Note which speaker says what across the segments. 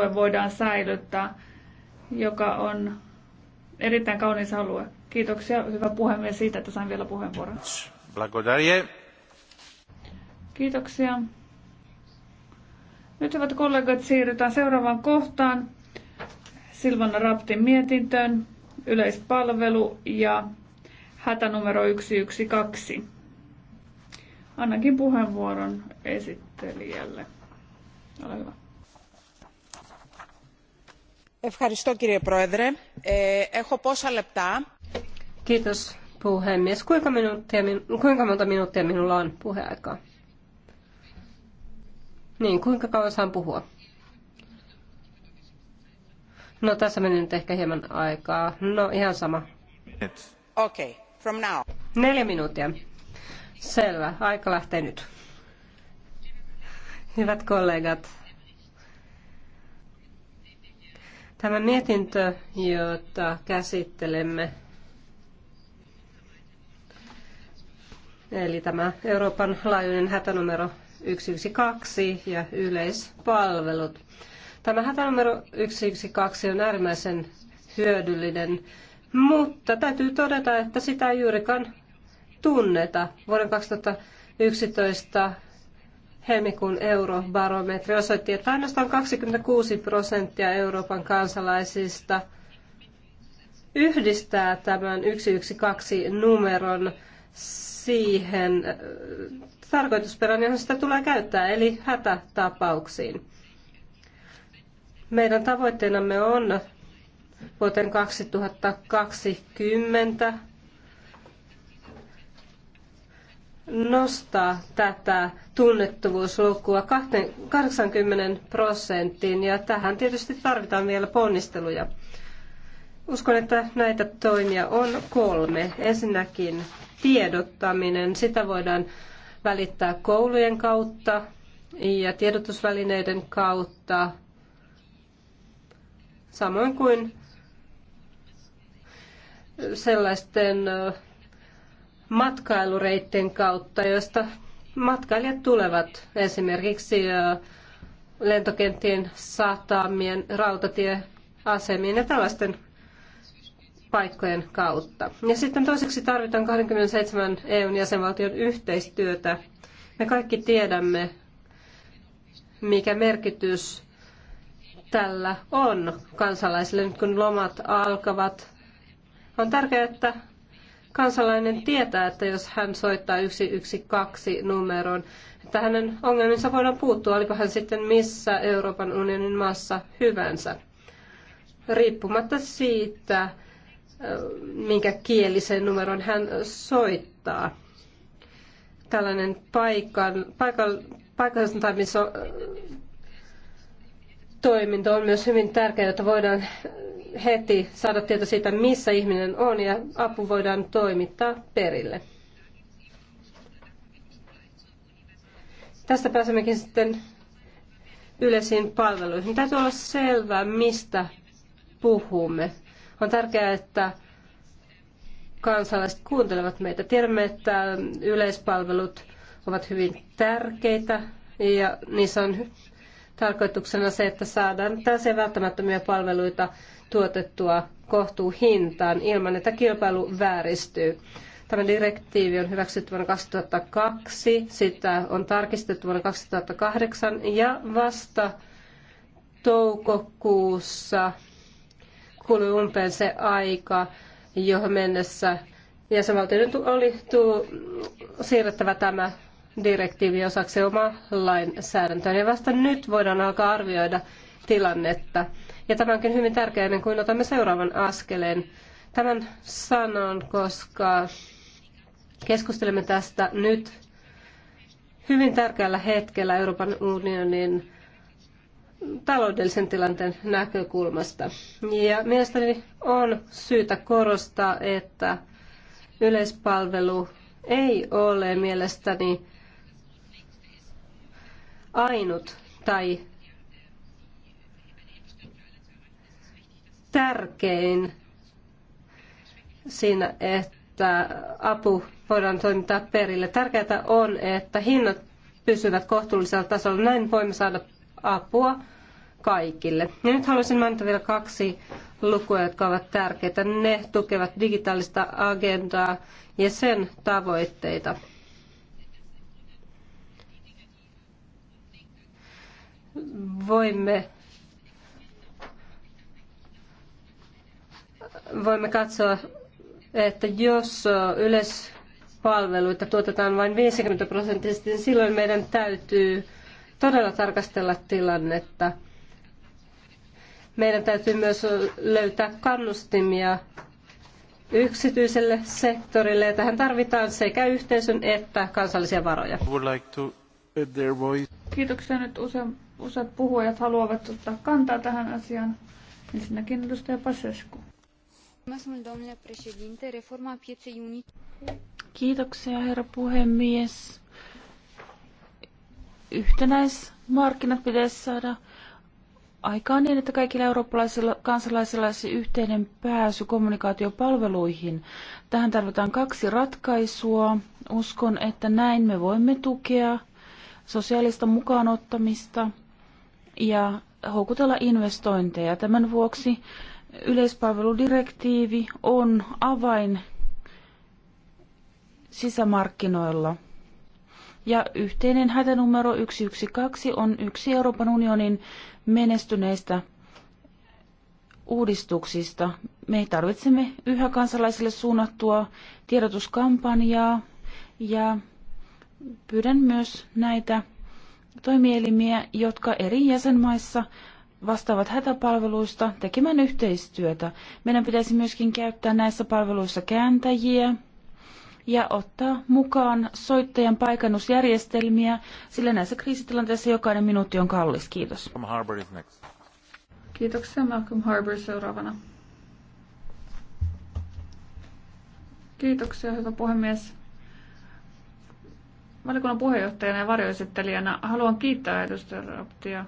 Speaker 1: alue voidaan säilyttää, joka on erittäin kaunis alue. Kiitoksia, hyvä puhemies, siitä, että sain vielä puheenvuoron. Kiitoksia. Nyt hyvät kollegat, siirrytään seuraavaan kohtaan. Silvana Raptin mietintöön, yleispalvelu ja hätänumero 112. Annankin puheenvuoron esittelijälle. Ole hyvä.
Speaker 2: Kiitos puhemies. Έχω πόσα λεπτά. Kiitos puhemies. Kuinka, minuuttia, kuinka monta minuuttia minulla on puheaikaa? Niin, kuinka kauan saan puhua? No tässä meni nyt ehkä hieman aikaa. No ihan sama. okay, from now. Neljä minuuttia. Selvä, aika lähtee nyt. Hyvät kollegat, Tämä mietintö, jota käsittelemme, eli tämä Euroopan laajuinen hätänumero 112 ja yleispalvelut. Tämä hätänumero 112 on äärimmäisen hyödyllinen, mutta täytyy todeta, että sitä ei juurikaan tunneta. Vuoden 2011 helmikuun eurobarometri osoitti, että ainoastaan 26 prosenttia Euroopan kansalaisista yhdistää tämän 112 numeron siihen äh, tarkoitusperään, johon sitä tulee käyttää, eli hätätapauksiin. Meidän tavoitteenamme on vuoteen 2020 nostaa tätä tunnettavuuslukua 80 prosenttiin ja tähän tietysti tarvitaan vielä ponnisteluja. Uskon, että näitä toimia on kolme. Ensinnäkin tiedottaminen. Sitä voidaan välittää koulujen kautta ja tiedotusvälineiden kautta, samoin kuin sellaisten matkailureitten kautta, joista matkailijat tulevat esimerkiksi lentokenttien, satamien, rautatieasemien ja tällaisten paikkojen kautta. Ja sitten toiseksi tarvitaan 27 EUn jäsenvaltion yhteistyötä. Me kaikki tiedämme, mikä merkitys tällä on kansalaisille nyt kun lomat alkavat. On tärkeää, että kansalainen tietää, että jos hän soittaa 112 numeroon, että hänen ongelminsa voidaan puuttua, olipa hän sitten missä Euroopan unionin maassa hyvänsä, riippumatta siitä, minkä kielisen numeron hän soittaa. Tällainen paikan, paikan, paikallisen toiminta on myös hyvin tärkeää, jotta voidaan heti saada tieto siitä, missä ihminen on ja apu voidaan toimittaa perille. Tästä pääsemmekin sitten yleisiin palveluihin. Täytyy olla selvää, mistä puhumme. On tärkeää, että kansalaiset kuuntelevat meitä. Tiedämme, että yleispalvelut ovat hyvin tärkeitä ja niissä on tarkoituksena se, että saadaan tällaisia välttämättömiä palveluita tuotettua kohtuuhintaan ilman, että kilpailu vääristyy. Tämä direktiivi on hyväksytty vuonna 2002, sitä on tarkistettu vuonna 2008 ja vasta toukokuussa kului umpeen se aika, johon mennessä jäsenvaltioiden oli tuu, siirrettävä tämä direktiivi osaksi omaa lainsäädäntöä. Ja vasta nyt voidaan alkaa arvioida tilannetta. Ja tämä onkin hyvin tärkeää ennen kuin otamme seuraavan askeleen. Tämän sanon, koska keskustelemme tästä nyt hyvin tärkeällä hetkellä Euroopan unionin taloudellisen tilanteen näkökulmasta. Ja mielestäni on syytä korostaa, että yleispalvelu ei ole mielestäni ainut tai tärkein siinä, että apu voidaan toimittaa perille. Tärkeää on, että hinnat pysyvät kohtuullisella tasolla. Näin voimme saada apua kaikille. Ja nyt haluaisin mainita vielä kaksi lukua, jotka ovat tärkeitä. Ne tukevat digitaalista agendaa ja sen tavoitteita. Voimme voimme katsoa, että jos yleispalveluita tuotetaan vain 50 prosenttisesti, niin silloin meidän täytyy todella tarkastella tilannetta. Meidän täytyy myös löytää kannustimia yksityiselle sektorille, ja tähän tarvitaan sekä yhteisön että kansallisia varoja.
Speaker 1: Kiitoksia. Nyt useat, useat puhujat haluavat ottaa kantaa tähän asiaan. Ensinnäkin edustaja Pasescu. Kiitoksia, herra puhemies.
Speaker 3: Yhtenäismarkkinat pitäisi saada aikaan niin, että kaikilla eurooppalaisilla kansalaisilla olisi yhteinen pääsy kommunikaatiopalveluihin. Tähän tarvitaan kaksi ratkaisua. Uskon, että näin me voimme tukea sosiaalista mukaanottamista ja houkutella investointeja. Tämän vuoksi Yleispalveludirektiivi on avain sisämarkkinoilla. Ja yhteinen hätänumero 112 on yksi Euroopan unionin menestyneistä uudistuksista. Me tarvitsemme yhä kansalaisille suunnattua tiedotuskampanjaa ja pyydän myös näitä toimielimiä, jotka eri jäsenmaissa vastaavat hätäpalveluista tekemään yhteistyötä. Meidän pitäisi myöskin käyttää näissä palveluissa kääntäjiä ja ottaa mukaan soittajan paikannusjärjestelmiä, sillä näissä kriisitilanteissa jokainen minuutti on kallis. Kiitos.
Speaker 1: Kiitoksia Malcolm Harbour seuraavana. Kiitoksia, hyvä puhemies. Valiokunnan puheenjohtajana ja varjoesittelijänä haluan kiittää edustaja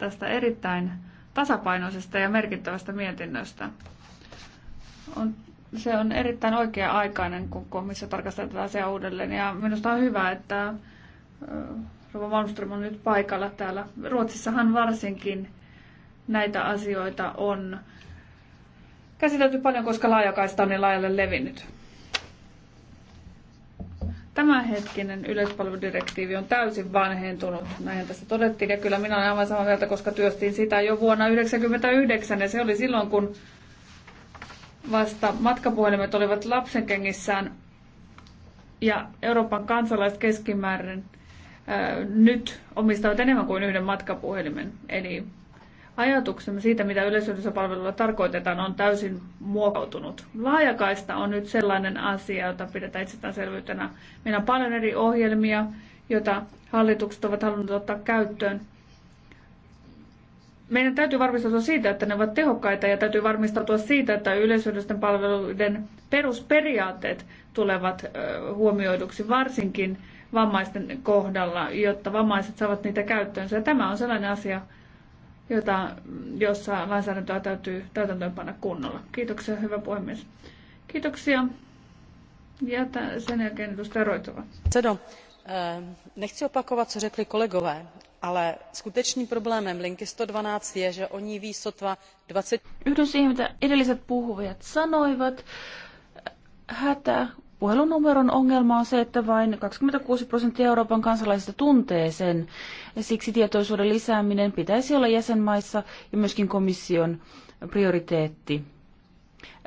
Speaker 1: tästä erittäin tasapainoisesta ja merkittävästä mietinnöstä. On, se on erittäin oikea-aikainen, kun komissio tarkastaa tätä asiaa uudelleen. Ja minusta on hyvä, että Rova Malmström on nyt paikalla täällä. Ruotsissahan varsinkin näitä asioita on käsitelty paljon, koska laajakaista on niin laajalle levinnyt tämänhetkinen yleispalveludirektiivi on täysin vanhentunut. Näinhän tässä todettiin ja kyllä minä olen aivan samaa mieltä, koska työstin sitä jo vuonna 1999 ja se oli silloin, kun vasta matkapuhelimet olivat lapsenkengissään ja Euroopan kansalaiset keskimäärin ää, nyt omistavat enemmän kuin yhden matkapuhelimen. Eli Ajatuksemme siitä, mitä palvelulla tarkoitetaan, on täysin muokautunut. Laajakaista on nyt sellainen asia, jota pidetään itsestäänselvyytenä. Meillä on paljon eri ohjelmia, joita hallitukset ovat halunneet ottaa käyttöön. Meidän täytyy varmistautua siitä, että ne ovat tehokkaita ja täytyy varmistautua siitä, että yleisöllisten palveluiden perusperiaatteet tulevat huomioiduksi varsinkin vammaisten kohdalla, jotta vammaiset saavat niitä käyttöönsä. Ja tämä on sellainen asia, jota, jossa lainsäädäntöä täytyy täytäntöönpanna kunnolla. Kiitoksia, hyvä puhemies. Kiitoksia. Ja sen jälkeen edustaja Roitova. Sedo, eh, nechci opakovat, co řekli kolegové, ale skutečným problémem linky 112
Speaker 3: je, že oni ví sotva 20... Yhdyn siihen, mitä edelliset puhujat sanoivat. Hätä puhelunumeron ongelma on se, että vain 26 prosenttia Euroopan kansalaisista tuntee sen. Siksi tietoisuuden lisääminen pitäisi olla jäsenmaissa ja myöskin komission prioriteetti.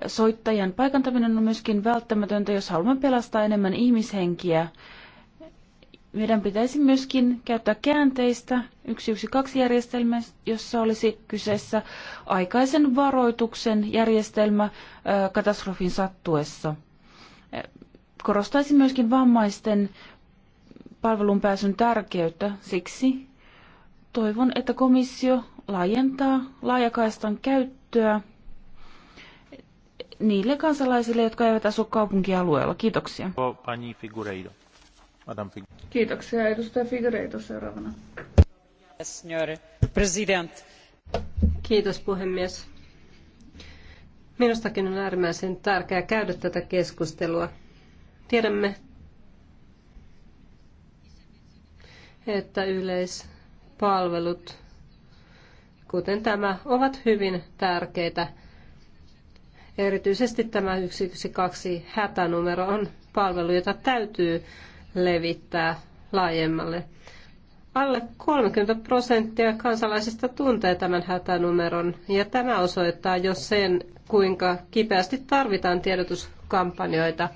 Speaker 3: Soittajan paikantaminen on myöskin välttämätöntä, jos haluamme pelastaa enemmän ihmishenkiä. Meidän pitäisi myöskin käyttää käänteistä 112-järjestelmä, jossa olisi kyseessä aikaisen varoituksen järjestelmä katastrofin sattuessa – Korostaisin myöskin vammaisten palvelun pääsyn tärkeyttä. Siksi toivon, että komissio laajentaa laajakaistan käyttöä niille kansalaisille, jotka eivät asu kaupunkialueella. Kiitoksia.
Speaker 2: Kiitoksia. Edustaja seuraavana. Kiitos puhemies. Minustakin on äärimmäisen tärkeää käydä tätä keskustelua. Tiedämme, että yleispalvelut, kuten tämä, ovat hyvin tärkeitä. Erityisesti tämä 112 hätänumero on palvelu, jota täytyy levittää laajemmalle. Alle 30 prosenttia kansalaisista tuntee tämän hätänumeron ja tämä osoittaa jo sen, kuinka kipeästi tarvitaan tiedotuskampanjoita.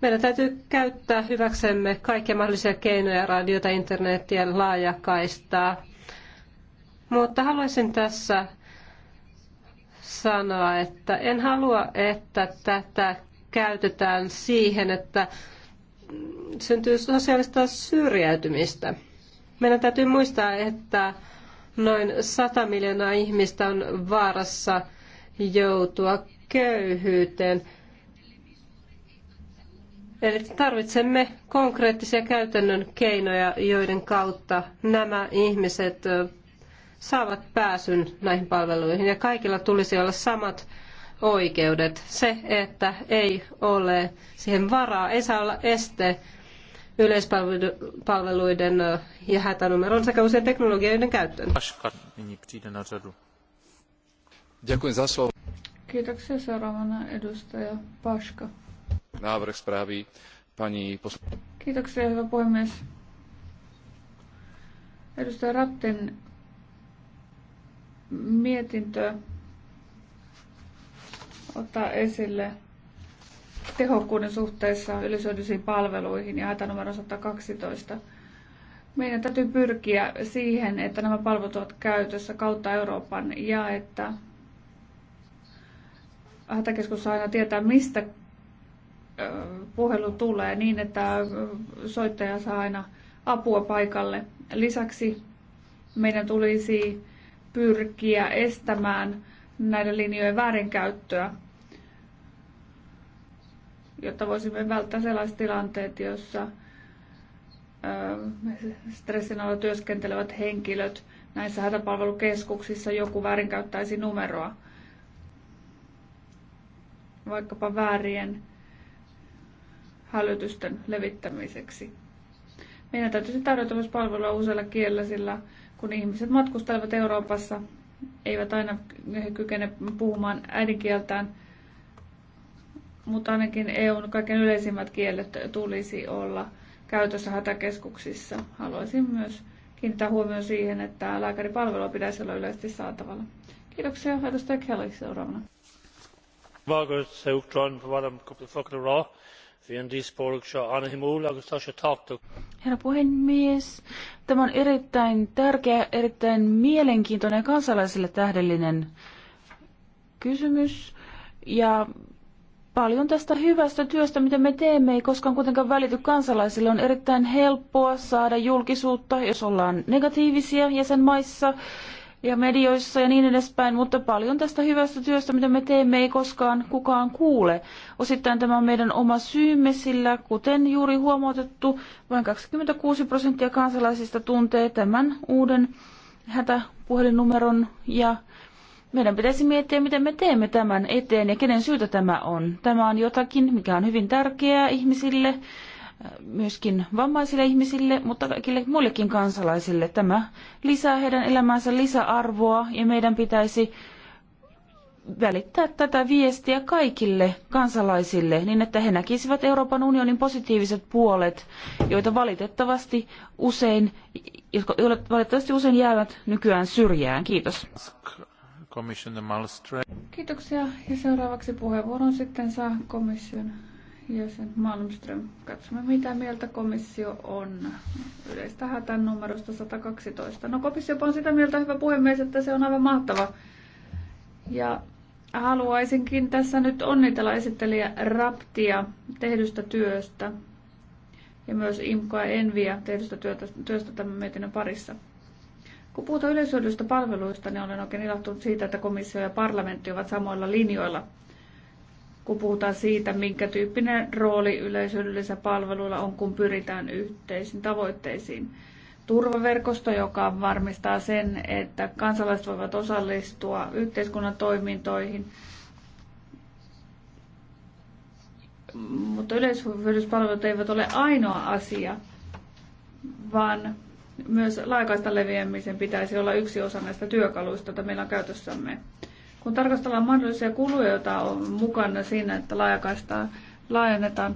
Speaker 2: Meidän täytyy käyttää hyväksemme kaikkia mahdollisia keinoja, radiota, internetiä, laajakaistaa. Mutta haluaisin tässä sanoa, että en halua, että tätä käytetään siihen, että syntyy sosiaalista syrjäytymistä. Meidän täytyy muistaa, että noin 100 miljoonaa ihmistä on vaarassa joutua köyhyyteen. Eli tarvitsemme konkreettisia käytännön keinoja, joiden kautta nämä ihmiset saavat pääsyn näihin palveluihin. Ja kaikilla tulisi olla samat oikeudet. Se, että ei ole siihen varaa, ei saa olla este yleispalveluiden ja hätänumeron sekä uusien teknologioiden käyttöön.
Speaker 1: Kiitoksia. Seuraavana edustaja Paška.
Speaker 3: Návrh správy paní
Speaker 1: Kiitoksia, hyvä puhemies. Edustaja Rattin mietintö ottaa esille tehokkuuden suhteessa yleisöllisiin palveluihin ja numero 112. Meidän täytyy pyrkiä siihen, että nämä palvelut ovat käytössä kautta Euroopan ja että hätäkeskus aina tietää, mistä puhelu tulee niin, että soittaja saa aina apua paikalle. Lisäksi meidän tulisi pyrkiä estämään näiden linjojen väärinkäyttöä, jotta voisimme välttää sellaiset tilanteet, joissa stressin alla työskentelevät henkilöt näissä hätäpalvelukeskuksissa joku väärinkäyttäisi numeroa vaikkapa väärien hälytysten levittämiseksi. Meidän täytyisi tarjota myös palvelua useilla kielillä, sillä kun ihmiset matkustelevat Euroopassa, eivät aina he kykene puhumaan äidinkieltään, mutta ainakin EUn kaiken yleisimmät kielet tulisi olla käytössä hätäkeskuksissa. Haluaisin myös kiinnittää huomioon siihen, että lääkäripalvelua pitäisi olla yleisesti saatavalla. Kiitoksia. Edustaja Kelly seuraavana
Speaker 3: herra puhemies tämä on erittäin tärkeä erittäin mielenkiintoinen ja kansalaisille tähdellinen kysymys ja paljon tästä hyvästä työstä, mitä me teemme, ei koskaan kuitenkaan välity kansalaisille. On erittäin helppoa saada julkisuutta, jos ollaan negatiivisia jäsenmaissa ja medioissa ja niin edespäin, mutta paljon tästä hyvästä työstä, mitä me teemme, ei koskaan kukaan kuule. Osittain tämä on meidän oma syymme, sillä kuten juuri huomautettu, vain 26 prosenttia kansalaisista tuntee tämän uuden hätäpuhelinnumeron ja meidän pitäisi miettiä, miten me teemme tämän eteen ja kenen syytä tämä on. Tämä on jotakin, mikä on hyvin tärkeää ihmisille myöskin vammaisille ihmisille, mutta kaikille muillekin kansalaisille. Tämä lisää heidän elämäänsä lisäarvoa ja meidän pitäisi välittää tätä viestiä kaikille kansalaisille niin, että he näkisivät Euroopan unionin positiiviset puolet, joita valitettavasti usein, jotka valitettavasti usein jäävät nykyään syrjään.
Speaker 1: Kiitos. Kiitoksia. Ja seuraavaksi puheenvuoron sitten saa komission jäsen Malmström, katsomme mitä mieltä komissio on yleistä hätän numerosta 112. No komissio on sitä mieltä, hyvä puhemies, että se on aivan mahtava. Ja haluaisinkin tässä nyt onnitella esittelijä Raptia tehdystä työstä ja myös Imkoa Enviä tehdystä työtä, työstä tämän mietinnön parissa. Kun puhutaan yleishyödyllisistä palveluista, niin olen oikein ilahtunut siitä, että komissio ja parlamentti ovat samoilla linjoilla – kun puhutaan siitä, minkä tyyppinen rooli yleisöllisillä palveluilla on, kun pyritään yhteisiin tavoitteisiin. Turvaverkosto, joka varmistaa sen, että kansalaiset voivat osallistua yhteiskunnan toimintoihin, mutta yleishyödyllispalvelut eivät ole ainoa asia, vaan myös laajakaistan leviämisen pitäisi olla yksi osa näistä työkaluista, joita meillä on käytössämme. Kun tarkastellaan mahdollisia kuluja, joita on mukana siinä, että laajakaistaa laajennetaan,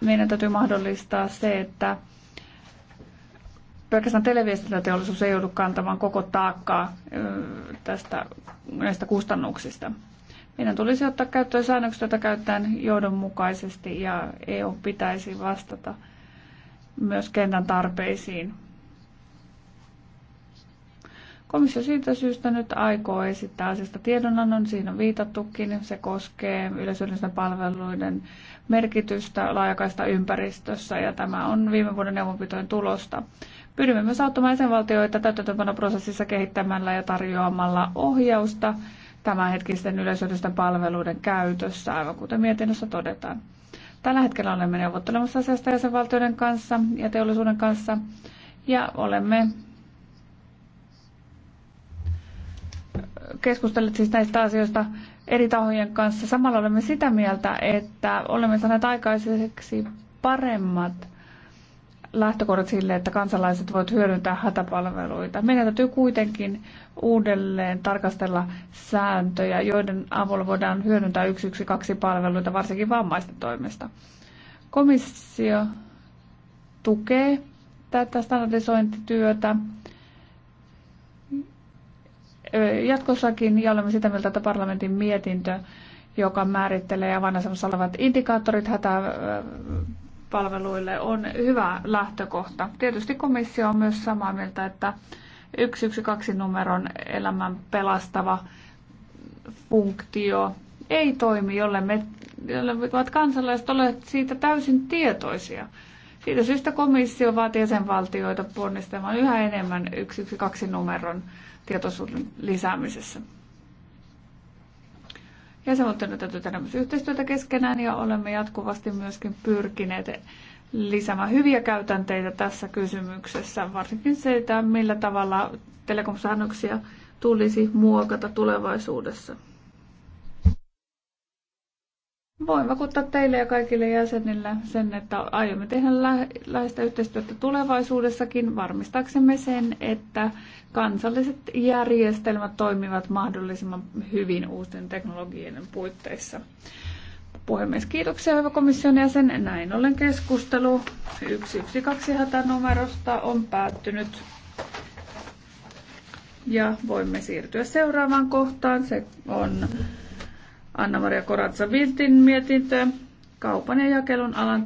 Speaker 1: meidän täytyy mahdollistaa se, että pelkästään televiestintäteollisuus ei joudu kantamaan koko taakkaa tästä, näistä kustannuksista. Meidän tulisi ottaa käyttöön säännökset, joita käytetään johdonmukaisesti ja EU pitäisi vastata myös kentän tarpeisiin Komissio siitä syystä nyt aikoo esittää asiasta tiedonannon, siinä on viitattukin. Se koskee yleisöllisten palveluiden merkitystä laajakaista ympäristössä ja tämä on viime vuoden neuvonpitojen tulosta. Pyrimme myös auttamaan jäsenvaltioita täytäntöönpanoprosessissa kehittämällä ja tarjoamalla ohjausta tämänhetkisten yleisöllisten palveluiden käytössä, aivan kuten mietinnössä todetaan. Tällä hetkellä olemme neuvottelemassa asiasta jäsenvaltioiden kanssa ja teollisuuden kanssa ja olemme keskustelleet siis näistä asioista eri tahojen kanssa. Samalla olemme sitä mieltä, että olemme saaneet aikaiseksi paremmat lähtökohdat sille, että kansalaiset voivat hyödyntää hätäpalveluita. Meidän täytyy kuitenkin uudelleen tarkastella sääntöjä, joiden avulla voidaan hyödyntää kaksi palveluita, varsinkin vammaisten toimesta. Komissio tukee tätä standardisointityötä jatkossakin ja olemme sitä mieltä, että parlamentin mietintö, joka määrittelee avainasemassa olevat indikaattorit hätäpalveluille, on hyvä lähtökohta. Tietysti komissio on myös samaa mieltä, että 112-numeron elämän pelastava funktio ei toimi, jolle me, jolle me ovat kansalaiset ole siitä täysin tietoisia. Siitä syystä komissio vaatii jäsenvaltioita ponnistamaan yhä enemmän 112 numeron tietoisuuden lisäämisessä. Jäsenvaltioiden täytyy tehdä myös yhteistyötä keskenään ja olemme jatkuvasti myöskin pyrkineet lisäämään hyviä käytänteitä tässä kysymyksessä, varsinkin se, että millä tavalla telekomsäännöksiä tulisi muokata tulevaisuudessa. Voin vakuuttaa teille ja kaikille jäsenille sen, että aiomme tehdä lä- läheistä yhteistyötä tulevaisuudessakin varmistaksemme sen, että kansalliset järjestelmät toimivat mahdollisimman hyvin uusien teknologioiden puitteissa. Puhemies, kiitoksia hyvä komission jäsen. Näin ollen keskustelu 112 hätänumerosta on päättynyt. Ja voimme siirtyä seuraavaan kohtaan. Se on Anna-Maria Koratsa-Viltin mietintö kaupan ja jakelun alan